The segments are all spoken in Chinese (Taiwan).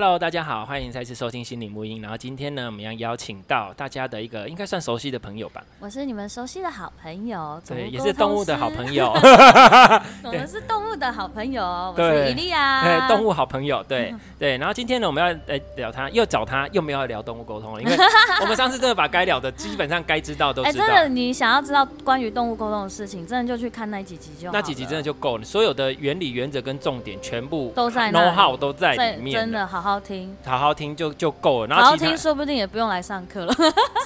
Hello，大家好，歡迎再次收聽心靈沐音。然後今天呢，我們要邀請到大家的一個應該算熟悉的朋友吧。我是你們熟悉的好朋友，對，也是動物的好朋友。 我們是動物的好朋友，對我是 Lia。對，動物好朋友。對 對。然後今天呢，我們要來聊他，又找他又沒有要聊動物溝通，因為我們上次真的把該聊的 基本上該知道都知道。哎、欸，真的，你想要知道關於動物溝通的事情，真的就去看那幾集就好。那幾集真的就夠了，所有的原理、原則跟重點全部都在 know-how 都在裡面在，真的好。好好聽，好好聽就就夠了。然後其好好聽說不定也不用來上課了。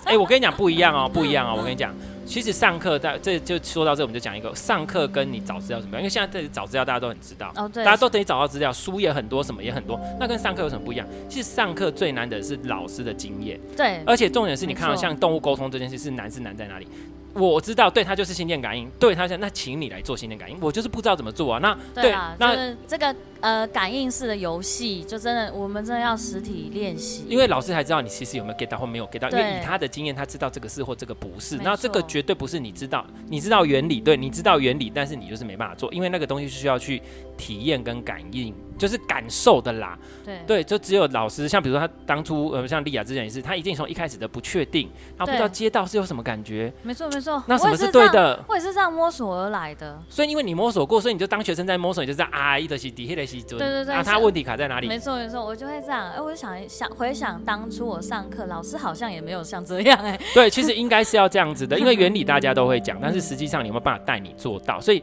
哎、 欸，我跟你講不一樣哦，不一樣哦。我跟你講，其實上課，在這就說到這，我們就講一個上課跟你找資料怎麼樣？因為現在這裡找資料大家都很知道、哦、大家都等於找到資料，書也很多，什麼也很多。那跟上課有什麼不一樣？其實上課最難的是老師的經驗。對，而且重點是你看到錯像動物溝通這件事是難，是難在哪裡？我知道，對他就是心電感應，對他想：‘那請你來做心電感應，我就是不知道怎麼做啊。那對，啊對，那這個呃感應式的遊戲，就真的我們真的要實體練習，因為老師才知道你其實有沒有 get 到或沒有 get 到，對因為以他的經驗，他知道這個是或這個不是。錯那這個絕對不是你知道，你知道原理，對你知道原理，但是你就是沒辦法做，因為那個東西需要去體驗跟感應。就是感受的啦對，對對，就只有老師，像比如說他當初，呃，像 Lia 之前也是，他已經從一開始的不確定，他不知道接到是有什麼感覺，沒錯沒錯。沒錯那什麼是對的？或者是，是這樣摸索而來的，所以因為你摸索過，所以你就當學生在摸索，你就，啊就是在啊一德西、迪克雷西尊，對對對，那、啊、他問題卡在哪裡？沒錯沒錯，我就會這樣，哎，我就想一想回想當初我上課，老師好像也沒有像這樣、欸，哎，對，其實應該是要這樣子的， 因為原理大家都會講，但是實際上你有沒有辦法帶你做到？所以。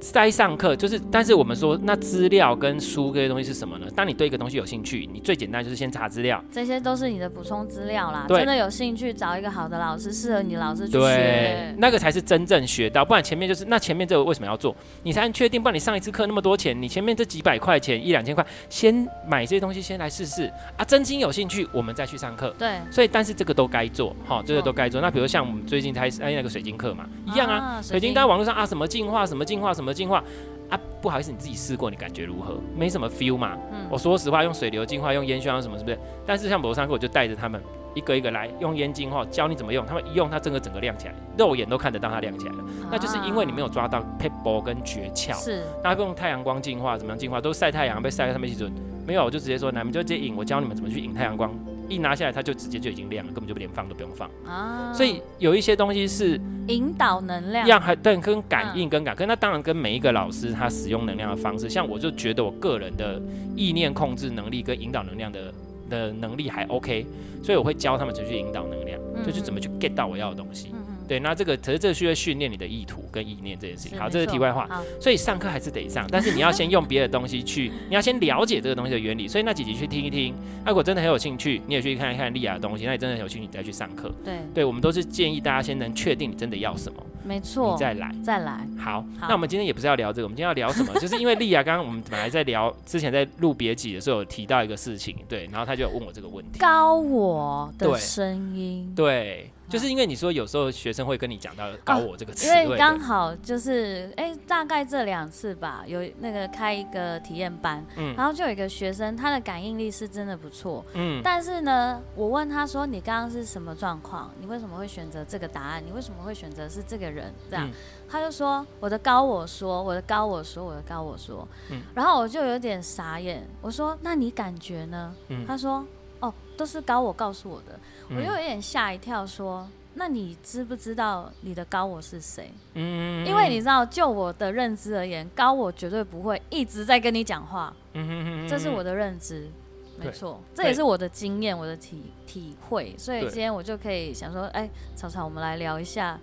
在上課就是，但是我們說那資料跟書這些東西是什麼呢？當你對一個東西有興趣，你最簡單就是先查資料，這些都是你的補充資料啦。對真的有興趣，找一個好的老師，適合你的老師去學，那個才是真正學到。不然前面就是，那前面這個為什麼要做？你才能確定。不然你上一次課那麼多錢，你前面這幾百塊錢，一兩千塊，先買這些東西先來試試啊，真心有興趣我們再去上課。對，所以但是這個都該做哈，這個都該做。做哦、那比如像我們最近開始、啊、那個水晶課嘛，一樣啊，啊水晶在網絡上啊，什麼進化什麼進化什麼。淨化啊，不好意思，你自己試過，你感覺如何？沒什麼 feel 嘛。嗯、我說實話，用水流淨化，用煙燻啊什麼，是不是？但是像伯山哥，我就帶着他們一個一個來用煙淨化，教你怎麼用。他們一用，它整個整個亮起來，肉眼都看得到它亮起來了。啊、那就是因為你沒有抓到撇步跟訣竅。是，那不用太陽光淨化，怎麼樣淨化？都曬太陽，被曬在上面，記住，沒有我就直接說，你們就直接引，我教你們怎麼去引太陽光。一拿下來，它就直接就已經亮了，根本就連放都不用放啊！所以有一些東西是引導能量，讓還但跟感應跟感，跟、嗯、那當然跟每一個老師他使用能量的方式，像我就覺得我個人的意念控制能力跟引導能量的的能力還 OK，所以我會教他們怎麼去引導能量，就是怎麼去 get 到我要的東西。嗯嗯對，那這個其實這個需要訓練你的意圖跟意念這件事情。好，這是題外話，所以上課還是得上，但是你要先用別的東西去，你要先了解這個東西的原理。所以那幾集去聽一聽，如果真的很有興趣，你也去看一看 Lia 的東西，那你真的很有興趣你再去上課。對，對我們都是建議大家先能確定你真的要什麼，沒錯，你再來再來。好，那我們今天也不是要聊這個，我們今天要聊什麼？就是因為 Lia 剛剛我們本來在聊之前在錄別集的時候有提到一個事情，對，然後她就有問我這個問題，高我的聲音，對。就是因為你說有時候學生會跟你講到高我這個詞、啊，因為剛好就是哎、欸，大概這兩次吧，有那個開一個體驗班，嗯、然後就有一個學生，他的感應力是真的不錯，嗯、但是呢，我問他說：“你剛剛是什麼狀況？你為什麼會選擇這個答案？你為什麼會選擇是這個人？”這樣，嗯、他就說，說：“我的高我說，我的高我說，我的高我說。”嗯、然後我就有點傻眼，我說：“那你感覺呢？”嗯、他說。都是高我告訴我的，我又有點嚇一跳，說：“嗯、那你知不知道你的高我是誰？”嗯，嗯，嗯，因為你知道，就我的認知而言，高我絕對不會一直在跟你講話。嗯嗯嗯嗯，這是我的認知，對沒錯，這也是我的經驗，對我的體體會。所以今天我就可以想說，哎、欸，朝朝，我們來聊一下。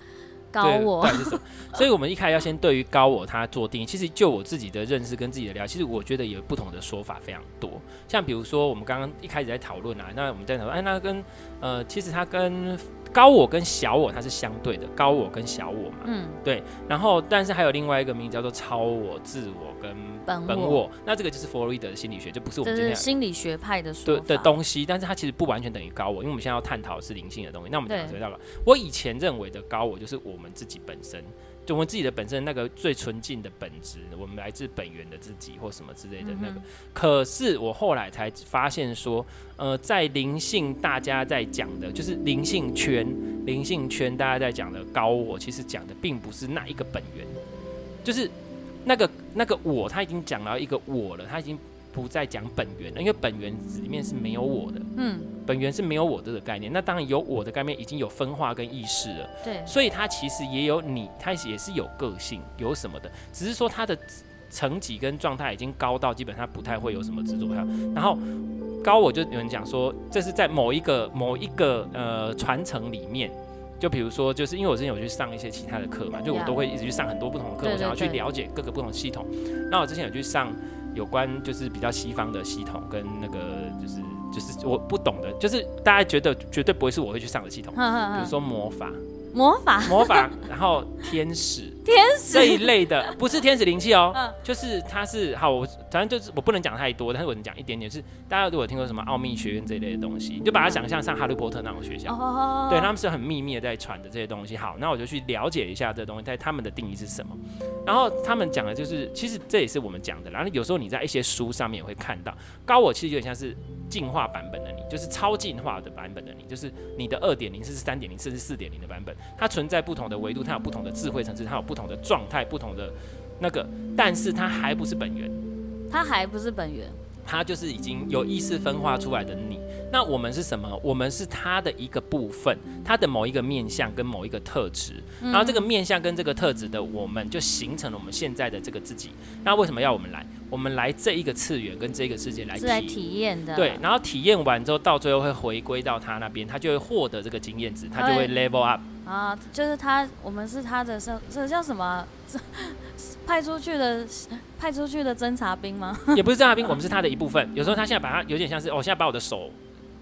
高我對對，是，所以，我們一開始要先對於高我，他做定義。 其實，就我自己的認識跟自己的了解，其實我覺得也有不同的說法非常多。像比如說，我們剛剛一開始在討論啊，那我們在討論，哎，那跟呃，其實他跟。高我跟小我，它是相對的。高我跟小我嘛，嗯，對。然後，但是還有另外一個名字叫做超我、自我跟本我。本我，那這個就是弗洛伊德的心理學，就不是我們今天心理學派的說的東西。但是它其實不完全等於高我，因為我們現在要探討是靈性的東西。那我們講回到了，對我以前認為的高我就是我們自己本身。就我自己的本身那個最純淨的本質，我們來自本源的自己或什麼之類的那個。嗯、可是我後來才發現說，呃，在靈性大家在講的，就是靈性圈。靈性圈大家在講的高我，其實講的並不是那一個本源，就是那個那個我，他已經講到一個我了，他已經。不再講本源了，因為本源裡面是沒有我的，嗯，本源是沒有我的這個概念。那當然有我的概念，已經有分化跟意識了，對，所以他其實也有你，他也是有個性，有什麼的，只是說他的層級跟狀態已經高到基本上不太會有什麼執着，然後高我就有人講說，這是在某一個某一個呃傳承裡面，就比如說，就是因為我之前有去上一些其他的課嘛，就我都會一直去上很多不同的課，嗯，我想要去了解各個不同的系統。那我之前有去上。有關，就是比較西方的系統，跟那個就是就是我不懂的，就是大家覺得絕對不會是我會去上的系統。比如說魔法，魔法，魔法，然後天使。天使這一類的不是天使靈氣哦，啊、就是它是好，我反正就是我不能講太多，但是我能講一點點、就是，是大家如果聽過什麼奧秘學院這一類的東西，你就把它想象像上哈利波特那種學校，哦哦哦、對，他們是很秘密的在傳的這些東西。好，那我就去了解一下這東西，但他們的定義是什麼？然後他們講的就是，其實這也是我們講的。然後有時候你在一些書上面也會看到，高我其實有點像是進化版本的你，就是超進化的版本的你，就是你的二點零甚至三點零甚至四點零的版本，它存在不同的維度，它有不同的智慧層次，它有不同不同的狀態，不同的那個，但是它還不是本源，它還不是本源，他就是已經有意識分化出來的你。嗯嗯、那我們是什麼？我們是它的一個部分，它的某一個面相跟某一個特質。嗯、然後這個面相跟這個特質的我們，就形成了我們現在的這個自己。那為什麼要我們來？我們來這一個次元跟這個世界來，是來體驗的。對，然後體驗完之後，到最後會回歸到它那邊，它就會獲得這個經驗值，它就會 level up 會。啊，就是他，我們是他的生，這叫什麼？派出去的，派出去的偵察兵嗎？也不是偵察兵， 我們是他的一部分。有時候他現在把他有點像是，我、哦，現在把我的手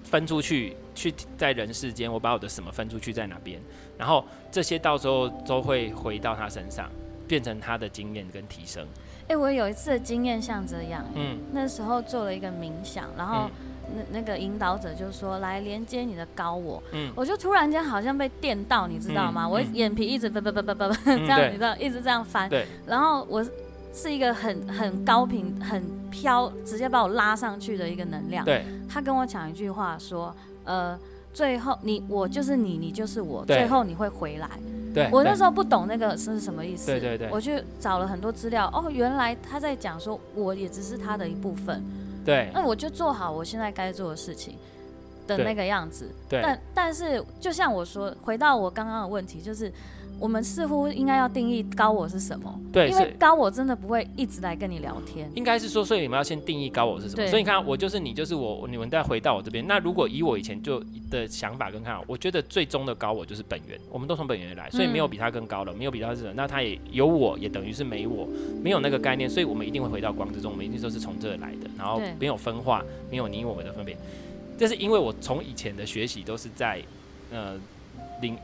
分出去，去在人世間，我把我的什麼分出去在哪邊，然後這些到時候都會回到他身上，變成他的經驗跟提升。哎、欸，我有一次的經驗像這樣，嗯，那時候做了一個冥想，然後、嗯。那那個引導者就說，來連接你的高我，嗯，我就突然間好像被電到，你知道嗎？我眼皮一直翻翻翻翻翻翻，這樣你知道，一直這樣翻。對。然後我是一個很很高頻、很飄，直接把我拉上去的一個能量。對。他跟我講一句話說，呃，最後你我就是你，你就是我，最後你會回來。對。我那時候不懂那個是什麼意思。對對對，我就找了很多資料，哦，原來他在講說，我也只是他的一部分。對，那、嗯、我就做好我現在該做的事情的那個樣子。對，對但但是就像我說，回到我剛剛的問題，就是。我們似乎應該要定義高我是什麼？對，是因為高我真的不會一直來跟你聊天。應該是說，所以你們要先定義高我是什麼？對所以你看，我就是你，就是我，你們再回到我這邊。那如果以我以前就的想法跟看法，我覺得最終的高我就是本源，我們都從本源來，所以沒有比他更高的、嗯，沒有比他是那他也有我也等於是沒我，沒有那個概念，嗯、所以我們一定會回到光之中，我們一定都是從這來的，然後沒有分化，對沒有你我的分別。這是因為我從以前的學習都是在，呃。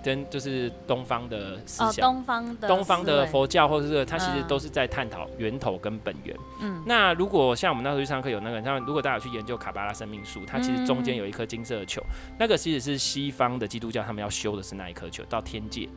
跟就是東方的思想，東方的東方的佛教，或者是它其實都是在探討源頭跟本源。嗯，那如果像我們那時候去上課有那個，像如果大家去研究卡巴拉生命樹，它其實中間有一顆金色的球，那個其實是西方的基督教他們要修的是那一顆球到天界，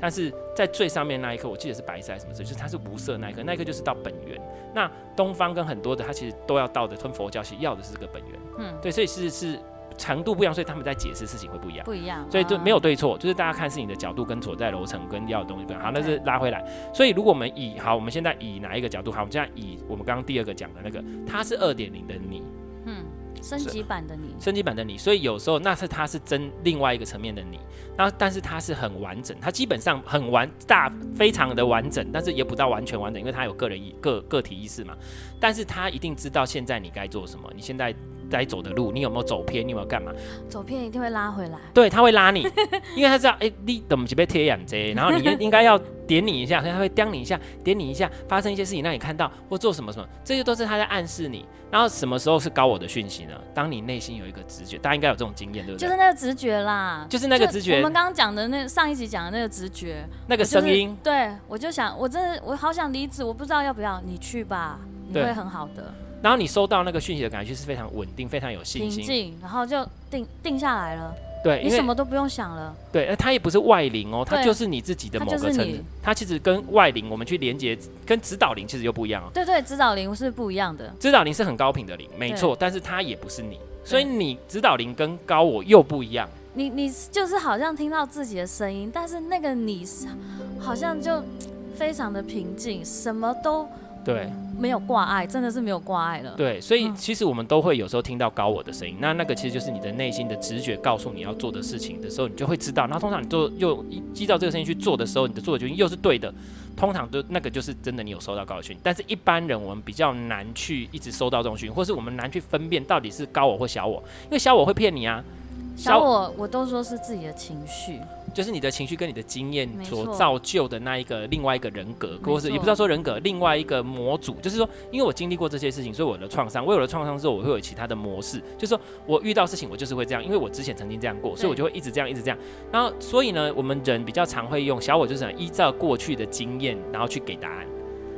但是在最上面那一顆，我記得是白色還是什麼，所以就是它是無色那一顆，那一顆就是到本源。那東方跟很多的它其實都要到的，跟佛教其實要的是這個本源。嗯，對，所以其實是。長度不一樣，所以他們在解釋事情會不一樣，不一樣，啊，所以就沒有對錯，就是大家看是你的角度跟所在樓層跟要的東西不一樣。好，那是拉回來，Okay. 所以如果我們以好，我們現在以哪一個角度？好，我們現在以我們剛剛第二個講的那個，它是二點零的你，嗯，升級版的你，升級版的你。所以有時候那是它是真另外一個層面的你，那但是它是很完整，它基本上很完大，非常的完整，但是也不到完全完整，因為它有個人意個個體意識嘛。但是他一定知道現在你該做什麼，你現在。在走的路，你有沒有走偏？你有沒有幹嘛？走偏一定會拉回來。對，他會拉你， 因為他知道哎、欸，你等麼這邊貼眼只？然後你應該要點你一下，所 他會叼你一下，點你一,一下，發生一些事情讓你看到或做什麼什麼，這些都是他在暗示你。然後什麼時候是高我的訊息呢？當你內心有一個直覺，大家應該有這種經驗，對不對？就是那個直覺啦，就是那個直覺。我們剛剛講的那上一集講的那個直覺，那個聲音，就是。對，我就想，我真的，我好想離職，我不知道要不要你去吧，你會很好的。然後你收到那個訊息的感覺是非常穩定，非常有信心。平靜，然後就定定下來了。對，你什麼都不用想了。對，它、呃、也不是外靈哦，它對就是你自己的某個層面。它其實跟外靈，我們去連接，跟指導靈其實又不一樣、啊、對對，指導靈是不一樣的。指導靈是很高頻的靈，沒錯，對但是它也不是你，所以你指導靈跟高我又不一樣。嗯、你你就是好像聽到自己的聲音，但是那個你好像就非常的平靜，哦、什麼都。對，沒有掛礙，真的是沒有掛礙了。對，所以其實我們都會有時候聽到高我的聲音，嗯，那那個其實就是你的內心的直覺告訴你要做的事情的時候，你就會知道。那通常你做又依照這個聲音去做的時候，你的做的決定又是對的。通常就那個就是真的你有收到高訊，但是一般人我們比較難去一直收到這種訊，或是我們難去分辨到底是高我或小我，因為小我會騙你啊。小，小我我都說是自己的情緒。就是你的情緒跟你的經驗所造就的那一個另外一個人格，錯或者也不知道說人格，另外一個模組，錯就是說，因為我經歷過這些事情，所以我的創傷，我有了創傷之後，我會有其他的模式，就是說我遇到事情，我就是會這樣，因為我之前曾經這樣過，所以我就會一直這樣，一直這樣。對然後，所以呢，我們人比較常會用小我，就是依照過去的經驗，然後去給答案。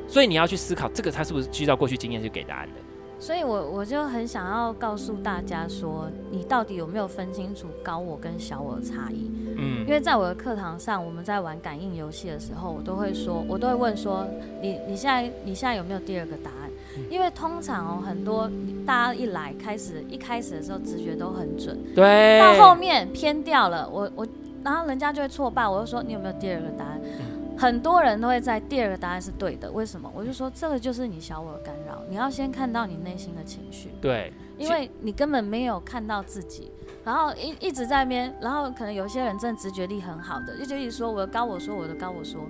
所以你要去思考，這個它是不是需要過去經驗去給答案的？所以我，我我就很想要告訴大家說，你到底有沒有分清楚高我跟小我的差異？嗯，因為在我的課堂上，我們在玩感應遊戲的時候，我都會說，我都會問說，你你現在你現在有沒有第二個答案？嗯，因為通常哦、喔，很多大家一來開始一開始的時候，直覺都很準，對，到後面偏掉了，我我然後人家就會挫敗，我就說，你有沒有第二個答案？很多人都會在第二個答案是對的，為什麼？我就說這個就是你小我的干擾，你要先看到你內心的情緒。對，因為你根本沒有看到自己，然後一一直在那邊，然後可能有些人真的直覺力很好的，就一直說我的高我說我的高我說，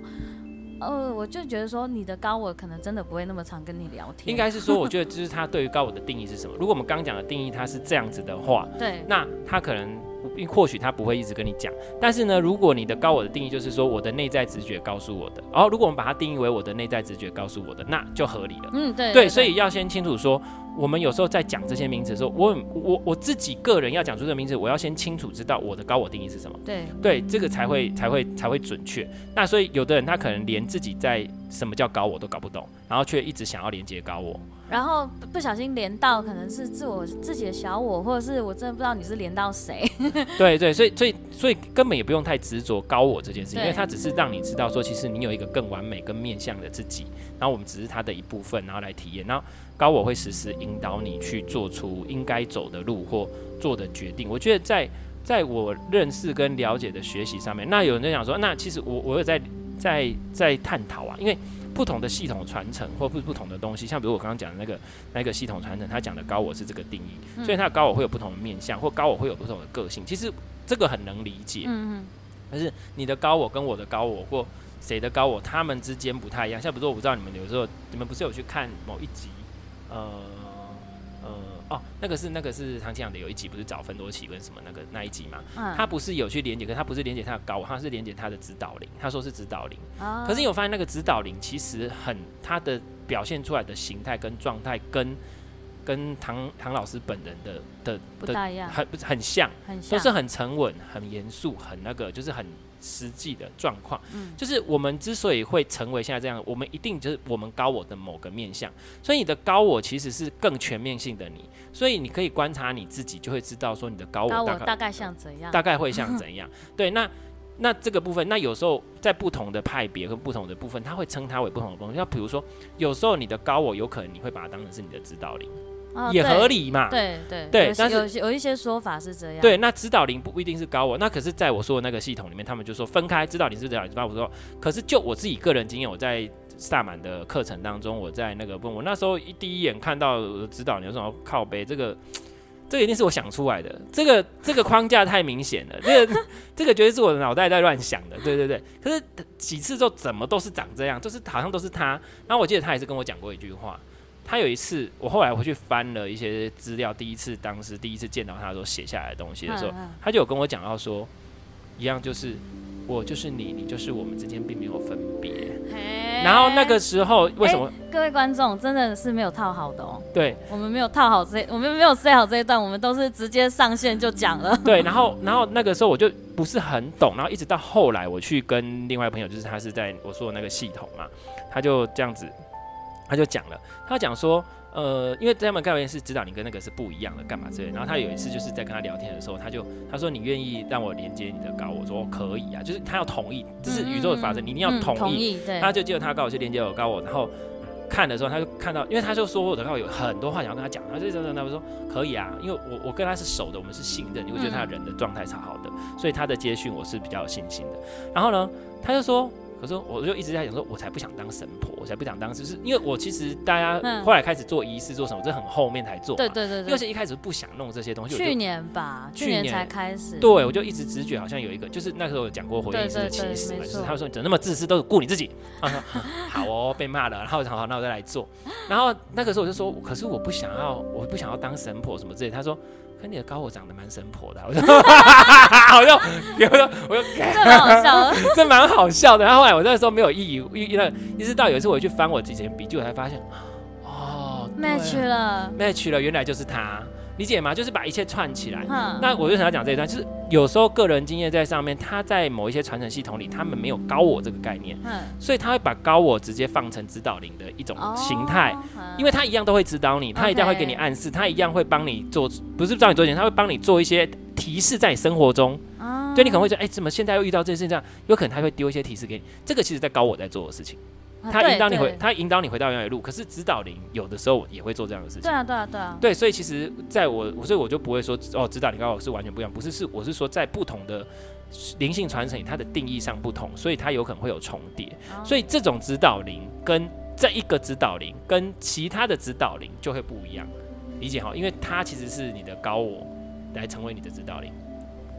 呃，我就覺得說你的高我可能真的不會那麼常跟你聊天。應該是說，我覺得就是他對於高我的定義是什麼？ 如果我們剛剛講的定義他是這樣子的話，對，那他可能。或許他不會一直跟你講，但是呢，如果你的高我的定義就是說我的內在直覺告訴我的，然後，哦，如果我們把它定義為我的內在直覺告訴我的，那就合理了。嗯，對，對,對，對，所以要先清楚說，我們有時候在講這些名詞的時候，我我我自己個人要講出這名字，我要先清楚知道我的高我定義是什麼。對，對，這個才會、嗯、才會才會準確。那所以有的人他可能連自己在。什麼叫高我都搞不懂，然後卻一直想要連接高我，然後不小心連到可能是自我自己的小我，或者是我真的不知道你是連到誰。 對對，所以所以所以根本也不用太執着高我這件事情，對因為它只是讓你知道說，其實你有一個更完美、更面向的自己，然後我們只是它的一部分，然後來體驗。然後高我會時時引導你去做出應該走的路或做的決定。我覺得在在我認識跟了解的學習上面，那有人就想說，那其實我我有在。在在探討啊，因為不同的系統傳承或不不同的東西，像比如我剛剛講的那個那個系統傳承，他講的高我是這個定義，所以他的高我會有不同的面向，或高我會有不同的個性。其實這個很能理解，嗯哼。但是你的高我跟我的高我或誰的高我，他們之間不太一樣。像比如說，我不知道你們有時候你們不是有去看某一集，呃。哦，那個是那個是唐慶陽的有一集，不是找芬多奇跟什麼那個那一集嘛，嗯、他不是有去連接，可是他不是連接他的高，他是連接他的指導靈，他說是指導靈。啊、可是你有，有發現那個指導靈其實很他的表現出來的形態跟狀態跟跟唐唐老師本人的的，的不大一樣，很很像，很像，都是很沉穩、很嚴肅、很那個，就是很。實際的狀況，嗯，就是我們之所以會成為現在這樣，我們一定就是我們高我的某個面向，所以你的高我其實是更全面性的你，所以你可以觀察你自己，就會知道說你的高我大概，高我大概像怎樣，大概會像怎樣。嗯哼。對，那那這個部分，那有時候在不同的派別跟不同的部分，它會稱它為不同的東西。那比如說，有時候你的高我有可能你會把它當成是你的指導靈。也合理嘛，哦？對對對，但是有，有一些說法是這樣的。對，那指導靈不一定是高我。那可是，在我說的那個系統裡面，他們就說分開指導靈是這樣。那我說，可是就我自己個人經驗，我在薩滿的課程當中，我在那個問我那時候一第一眼看到指導靈的時候靠杯，這個這個一定是我想出來的。這個這個框架太明顯了， 這個這個絕對是我的腦袋在亂想的。對對對，可是幾次之後怎麼都是長這樣，就是好像都是他。然後我記得他也是跟我講過一句話。他有一次，我後來回去翻了一些資料。第一次當時第一次見到他的時候寫下來的東西的時候，嗯嗯、他就有跟我講到說，一樣就是我就是你，你就是我們之間並沒有分別。嘿然後那個時候為什麼？欸、各位觀眾真的是沒有套好的哦、喔。對，我們沒有套好這，我們沒有塞好這一段，我們都是直接上線就講了。對，然後然後那個時候我就不是很懂，然後一直到後來我去跟另外一朋友，就是他是在我說的那個系統嘛，他就這樣子。他就講了，他講說，呃，因為他們的概念是指導你跟那個是不一樣的，幹嘛之類。然後他有一次就是在跟他聊天的時候，他就他說你願意讓我連接你的高我？我說可以啊，就是他要同意，這是宇宙的法則，嗯嗯，你一定要同意。嗯嗯、同意他就接着他高我去連接我高我，然後看的時候他就看到，因為他就說我的高我有很多話想要跟他講，然後就等，那他說可以啊，因為我我跟他是熟的，我們是信任，你會覺得他人的狀態是好的，嗯、所以他的接訊我是比較有信心的。然後呢，他就說。可是，我就一直在想說我才不想當神婆，我才不想當，就是因為我其實大家後來開始做儀式、嗯、做什麼，這很後面才做，對,對對對，因為是一開始不想弄這些東西。去年吧，就去年才開始，對,對我就一直直覺好像有一個，嗯、就是那個時候講過回憶是其歧視嘛，對對對就是他就說錯你怎麼那麼自私，都是顧你自己。說 好哦，被罵了，然後好，那我再來做，然後那個時候我就說，可是我不想要，我不想要當神婆什麼之類。他說。可你的高我長得蠻神婆的，啊，我就，哈哈好像，我就，我就， 真搞笑，真蠻好笑的。然後 後來我在說沒有意義，意意意識到，一直到有一次我去翻我之前筆記，我才發現，哦、啊、，match 了，match 了，原來就是他。理解嗎？就是把一切串起來。那我就想要講這一段，就是有時候個人經驗在上面，他在某一些傳承系統裡，他們沒有高我這個概念，嗯，所以他會把高我直接放成指導靈的一種形態，哦、因為他一樣都會指導你，哦、他一樣會給你暗示，okay. 他一樣會幫你做，不是教你做決定，他會幫你做一些提示在你生活中，嗯、對，你可能會覺得：哎、欸，怎麼現在又遇到這件事情？這樣有可能他會丟一些提示給你，這個其實在高我在做的事情。他引導你回，他、啊、引導你回到原來的路。可是指導靈有的時候我也會做這樣的事情。對啊，對啊，對啊。對，所以其實在我，所以我就不會說哦，指導靈跟我是完全不一樣。不是，是我是說，在不同的靈性傳承它的定義上不同，所以它有可能會有重疊。所以，重哦、所以這種指導靈跟這一個指導靈跟其他的指導靈就會不一樣，理解好？因為它其實是你的高我來成為你的指導靈。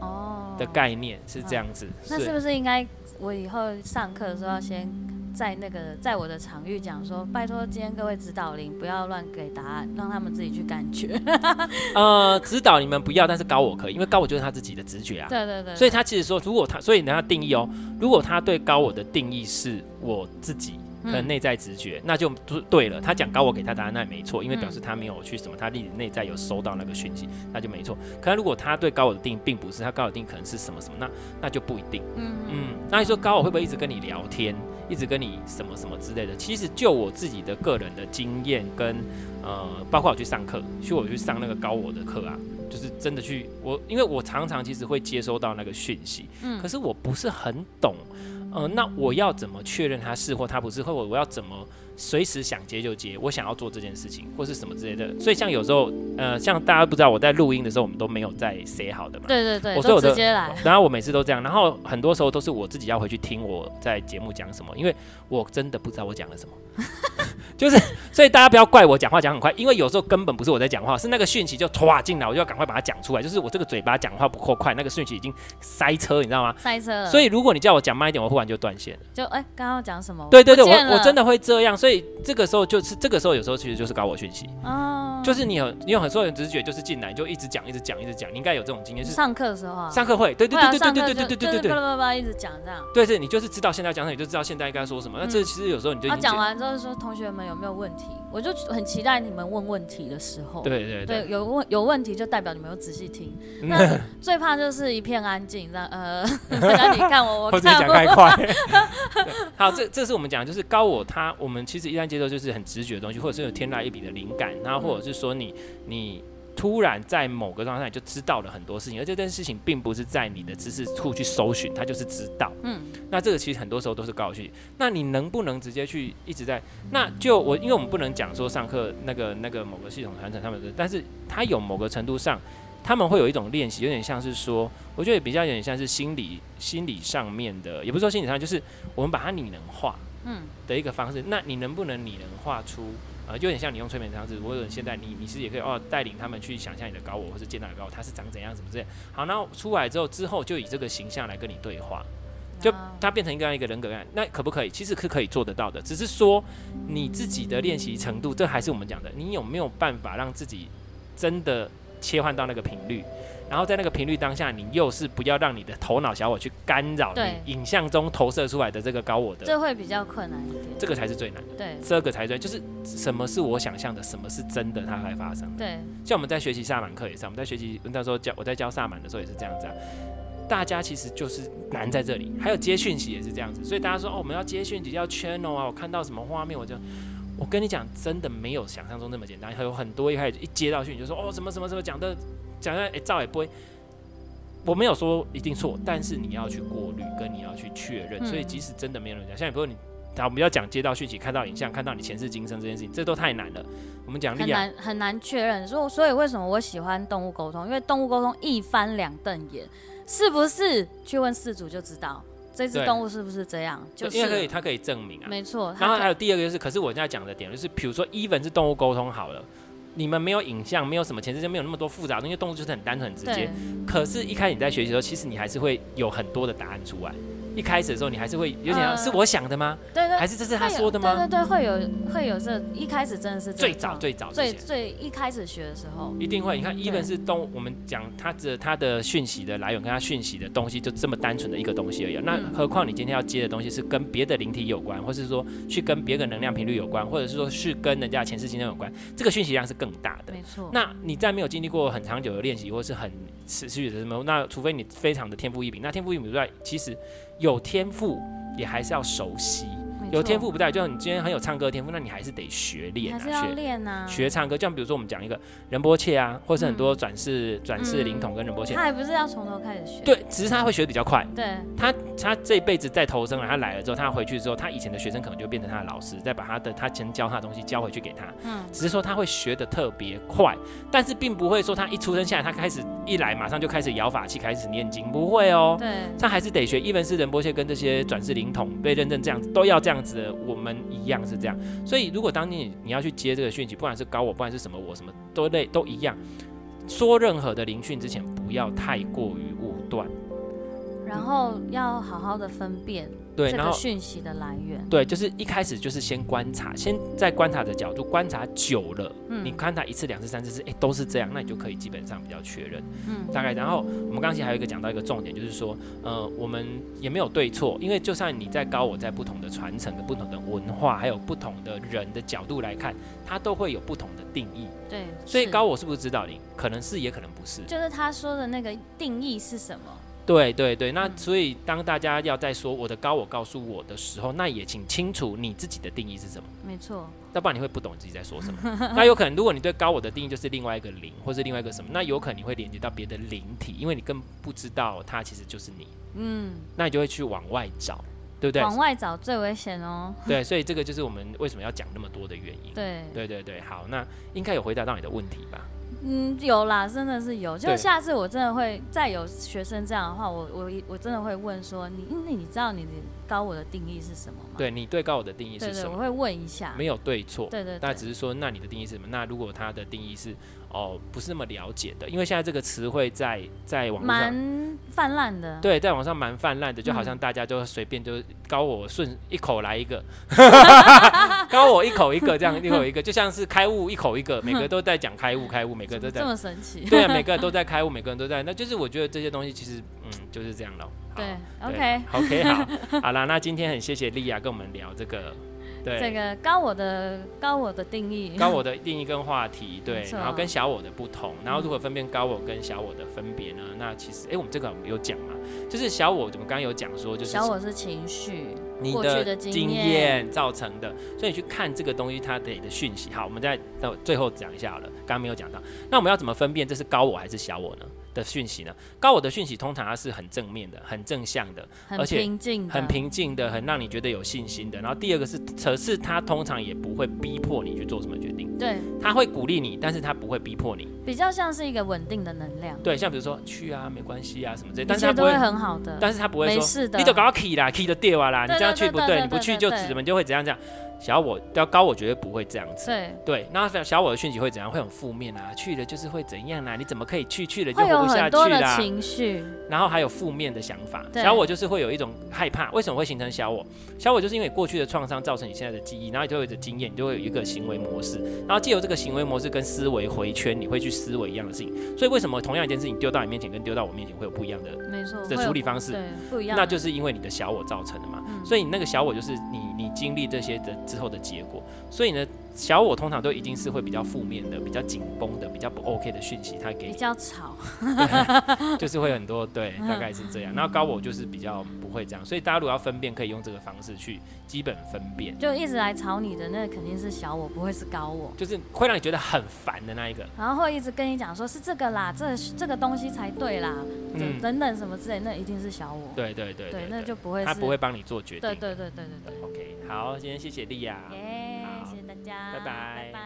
哦。的概念、哦、是這樣子。啊、以那是不是應該我以後上課的時候要先？在那個在我的場域講說，拜託今天各位指導靈不要亂給答案，讓他們自己去感覺。 呃，指導你們不要，但是高我可以，因為高我就是他自己的直覺啊。對對對，對。所以他其實說，如果他，所以你他定義哦、喔，如果他對高我的定義是我自己，的內在直覺，嗯、那就對了。他講高我給他答案，那也沒錯，因為表示他沒有去什麼，嗯、他自己內在有收到那個訊息，那就沒錯。可是如果他對高我的定義並不是，他高我的定義，可能是什麼什麼，那那就不一定。嗯嗯。那你說高我會不會一直跟你聊天？一直跟你什麼什麼之類的，其實就我自己的個人的經驗跟，呃，包括我去上課，去我去上那個高我的課啊，就是真的去我，因為我常常其實會接收到那個訊息，嗯，可是我不是很懂，呃，那我要怎麼確認他是或他不是，或我我要怎麼？隨時想接就接，我想要做這件事情或是什麼之類的，所以像有時候，呃，像大家不知道我在錄音的時候，我們都沒有在寫好的嘛。對對對，我所有的直接來。然後、啊、我每次都這樣，然後很多時候都是我自己要回去聽我在節目講什麼，因為我真的不知道我講了什麼。 就是，所以大家不要怪我講話講很快，因為有時候根本不是我在講話，是那個訊息就唰進來，我就要趕快把它講出來。就是我這個嘴巴講話不夠快，那個訊息已經塞車，你知道嗎？塞車。所以如果你叫我講慢一點，我忽然就斷線了。就哎，剛剛要講什麼？對對對，我我真的會這樣。所以這個時候就是這個時候，有時候其實就是高我訊息。哦。就是你有你有很多人直覺就是進來就一直講一直講一直講，你應該有這種經驗。是上課的時候啊？上課會，對對對對對對對對對對，對，對，對。一直講這樣。對對，你就是知道現在講什麼，對。就知道現在應該說什麼。那這其實有時候你就講完之後說同學們對有沒有問題？我就很期待你們問問題的時候。對，對對對，對有問有問題就代表你們有仔細聽。那，那最怕就是一片安靜，那呃， 你看我我自己講太快 好，這這是我們講的，就是高我他，我們其實一旦接受就是很直覺的東西，或者是有天籟一筆的靈感，然後或者是說你、嗯、你。突然在某個狀態你就知道了很多事情，而這件事情並不是在你的知識庫去搜尋，它就是知道。嗯，那這個其實很多時候都是高我。那你能不能直接去一直在？那就我，因為我們不能講說上課那個那個某個系統傳承他們的，但是他有某個程度上，他們會有一種練習，有點像是說，我覺得也比較有點像是心理心理上面的，也不是說心理上，就是我們把它擬人化，嗯，的一個方式。嗯，那你能不能擬人化出？呃、就有點像你用催眠這樣子，或者現在你你是也可以哦，帶領他們去想象你的高我或是見到你的高我，他是長怎樣，怎麼這樣。好，那出來之後之後就以這個形象來跟你對話，就他變成一個樣，一個人格案，那可不可以？其實是可，可以做得到的，只是說你自己的練習程度，這還是我們講的，你有沒有辦法讓自己真的？切換到那個頻率，然後在那個頻率當下，你又是不要讓你的頭腦小我去干擾你影像中投射出來的這個高我的。這會比較困難一點，這個才是最難的。對，這個才對。就是什麼是我想象的，什麼是真的，它才發生。對，像我們在學習薩滿課也是，我們在學習到時候教我在教薩滿的時候也是這樣子啊。大家其實就是難在這裡，還有接訊息也是這樣子，所以大家說哦，我們要接訊息叫 channel 啊，我看到什麼畫面我就。我跟你講，真的沒有想象中那麼簡單，還有很多一開始一接到訊息就說哦什麼什麼什麼講的，講的哎照、欸、也不會，我沒有說一定錯，但是你要去過濾跟你要去確認，所以即使真的沒有人講，像比如說你，啊我們要講接到訊息，看到影像，看到你前世今生這件事情，這都太難了。我們講很難很難確認，所以為什麼我喜歡動物溝通？因為動物溝通一翻兩瞪眼，是不是？去問飼主就知道。這只動物是不是這樣？對就是因為可以，它可以證明啊。沒錯。然後還有第二個就是，可是我現在講的點就是，比如說，even 是動物溝通好了，你們沒有影像，沒有什麼前置，就沒有那麼多複雜的。因為動物就是很單純、很直接。對可是，一開始你在學習的時候，其實你還是會有很多的答案出來。一開始的時候，你還是會有點像是我想的嗎？呃、對對，還是這是他說的嗎？對,對對，會有會有這一開始真的是最早最早最最一開始學的時候，嗯、一定會。你看，一個是東對我們講他的他的訊息的來源跟他訊息的東西就這麼單純的一個東西而已。那何況你今天要接的東西是跟別的靈體有關，或是說去跟別的能量頻率有關，或者是說去跟人家前世今生有關，這個訊息量是更大的。沒錯。那你再沒有經歷過很長久的練習，或是很持續的，那除非你非常的天賦異稟，那天賦異稟之外，其實有天賦也還是要熟悉。有天賦不代表，就像你今天很有唱歌的天賦，那你還是得學練，啊。啊學練學唱歌。就像比如說我們講一個仁波切啊，或是很多轉世轉、嗯、世靈童跟仁波切，嗯、他也不是要從頭開始學，對，只是他會學的比較快。對他，他這輩子在投生了，他來了之後，他回去之後，他以前的學生可能就變成他的老師，再把他的他前教他的東西教回去給他。嗯，只是說他會學的特別快，但是並不會說他一出生下來，他開始一來馬上就開始搖法器、開始念經，不會哦、喔。對，他還是得學。伊文斯仁波切跟這些轉世靈童被認證這樣子，都要這樣。這樣子我們一樣是這樣，所以如果當你你要去接這個訊息，不管是高我，不管是什麼我什麼都類，都一樣，說任何的靈訊之前，不要太過於武斷。然後要好好的分辨然後對訊息的來源，對，就是一開始就是先觀察，先在觀察的角度觀察久了，嗯，你看他一次、兩次、三次是哎都是這樣，那你就可以基本上比較確認，嗯，大概。然後我們剛才還有一個講到一個重點，就是說，呃，我們也沒有對錯，因為就算你在高我，在不同的傳承、不同的文化，還有不同的人的角度來看，它都會有不同的定義。對，所以高我是不是知道你？可能是，也可能不是。就是他說的那個定義是什麼？對對對，那所以當大家要再說我的高我告訴我的時候，那也請清楚你自己的定義是什麼？沒錯，要不然你會不懂自己在說什麼。 那有可能，如果你對高我的定義就是另外一個靈，或是另外一個什麼，那有可能你會連接到別的靈體，因為你更不知道它其實就是你。嗯，那你就會去往外找，對不對？往外找最危險哦。對，所以這個就是我們為什麼要講那麼多的原因。對，對、對對，好，那應該有回答到你的問題吧。嗯，有啦，真的是有。就下次我真的會再有學生這樣的話，我我我真的會問說，你那、嗯、你知道你高我的定義是什麼嗎？對，你對高我的定義是什麼？對對對我會問一下。沒有對錯，對對,對對。那只是說，那你的定義是什麼？那如果他的定義是哦、呃，不是那麼了解的，因為現在這個詞彙在在網上蠻泛濫的。對，在網上蠻泛濫的，就好像大家就隨便就高我順一口來一個，嗯、 高我一口一個這樣一口一個， 就像是開悟一口一個，每個都在講開悟開悟。開悟每個都在怎麼這麼神奇，對啊，每個人都在開悟，每個人都在，那就是我覺得這些東西其實，嗯，就是這樣了。對，對，OK，OK，okay，okay, 好，好啦，那今天很謝謝 Lia 跟我們聊這個，對，這個高我的高我的定義，高我的定義跟話題，對，啊、然後跟小我的不同，然後如何分辨高我跟小我的分別呢？嗯、那其實，哎、欸，我們這個我們有講嘛？就是小我怎麼剛剛有講說，就是小我是情緒。你的經驗造成的，所以你去看這個東西它的的訊息。好，我們再到最後講一下好了，剛剛沒有講到。那我們要怎麼分辨這是高我還是小我呢？的訊息呢？高我的訊息通常它是很正面的，很正向的，的而且很平靜的，很讓你覺得有信心的。然後第二個是，可是他通常也不會逼迫你去做什麼決定。對，他會鼓勵你，但是他不會逼迫你。比較像是一個穩定的能量。對，像比如說去啊，沒關係啊什麼之類，但是他不會很好的，但是他不會說，你都搞到 key 啦，key 都跌完啦，你這樣去不對，對，你不去就怎麼就會怎樣這樣。小我要高我絕對不會這樣子。對，對那小我的訊息會怎樣？會很負面啊！去了就是會怎樣啊？你怎麼可以去？去了就活不下去啦！情緒，然後還有負面的想法。對小我就是會有一種害怕。為什麼會形成小我？小我就是因為過去的創傷造成你現在的記憶，然後你就會有經驗，你就會有一個行為模式。然後借由這個行為模式跟思維回圈，你會去思維一樣的事情。所以為什麼同樣一件事情丟到你面前，跟丟到我面前會有不一樣的？沒錯錯，的處理方式對不一樣，那就是因為你的小我造成的嘛。嗯、所以你那個小我就是你，你經歷這些的。之後的結果，所以呢，小我通常都一定是會比較負面的、比較緊繃的、比較不 OK 的訊息，他給比較吵，就是會很多對， 大概是這樣。然後高我就是比較不會這樣，所以大家如果要分辨，可以用這個方式去基本分辨。就一直來吵你的，那肯定是小我，不會是高我，就是會讓你覺得很煩的那一個。然後會一直跟你講說，是這個啦，這這個東西才對啦，嗯、等等什麼之類，那一定是小我。對對對對，那就不會，他不會幫你做決定。對對對對對對。對好，今天謝謝 Lia，yeah, 好謝謝大家，拜拜拜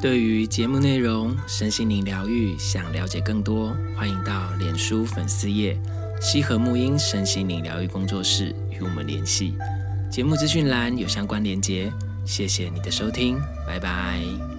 bye 對於節目內容，身心靈療癒，想了解更多，歡迎到臉書粉絲頁“曦和沐音身心靈療癒工作室”與我們聯繫。節目資訊欄有相關連結。謝謝你的收聽，拜拜。